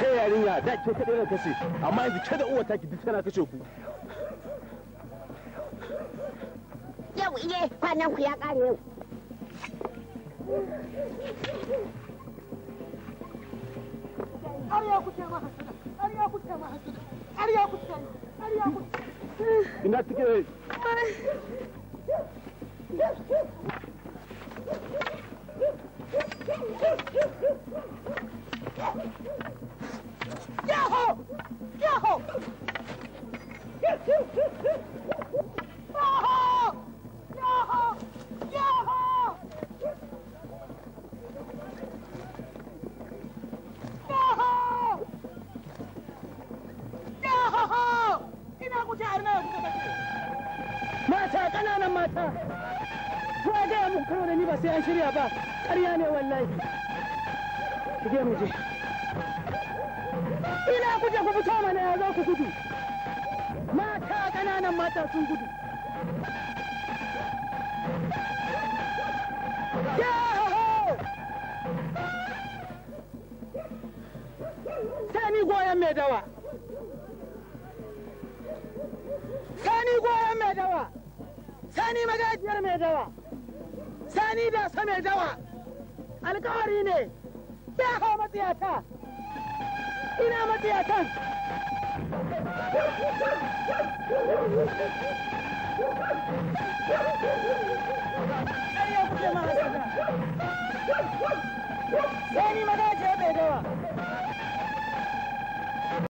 ne yarinya da ke kaɗai na kashe amma yanzu ke da uwa taki duk tana kashe ku yau iye kwanan ku ya ƙare yau Ina tike Yahoo! Yahoo! Yahoo! Yahoo! Yahoo! Yahoo! Yahoo! Ina guje a nan Mata ƙananan mata! Ko ga mu karo da ni ba sai an shirya ba. Ƙarya ne wallahi. mu je ina kuje ku fito mana ya zo ku gudu mata ƙananan mata sun gudu Sani goyon mai dawa. Sani goyon mai dawa. Sani magajiyar mai dawa. Sani dasa mai dawa. alƙawari ne. Sai hau matsiyata! Ina matsiyatan! Ƙarya kuke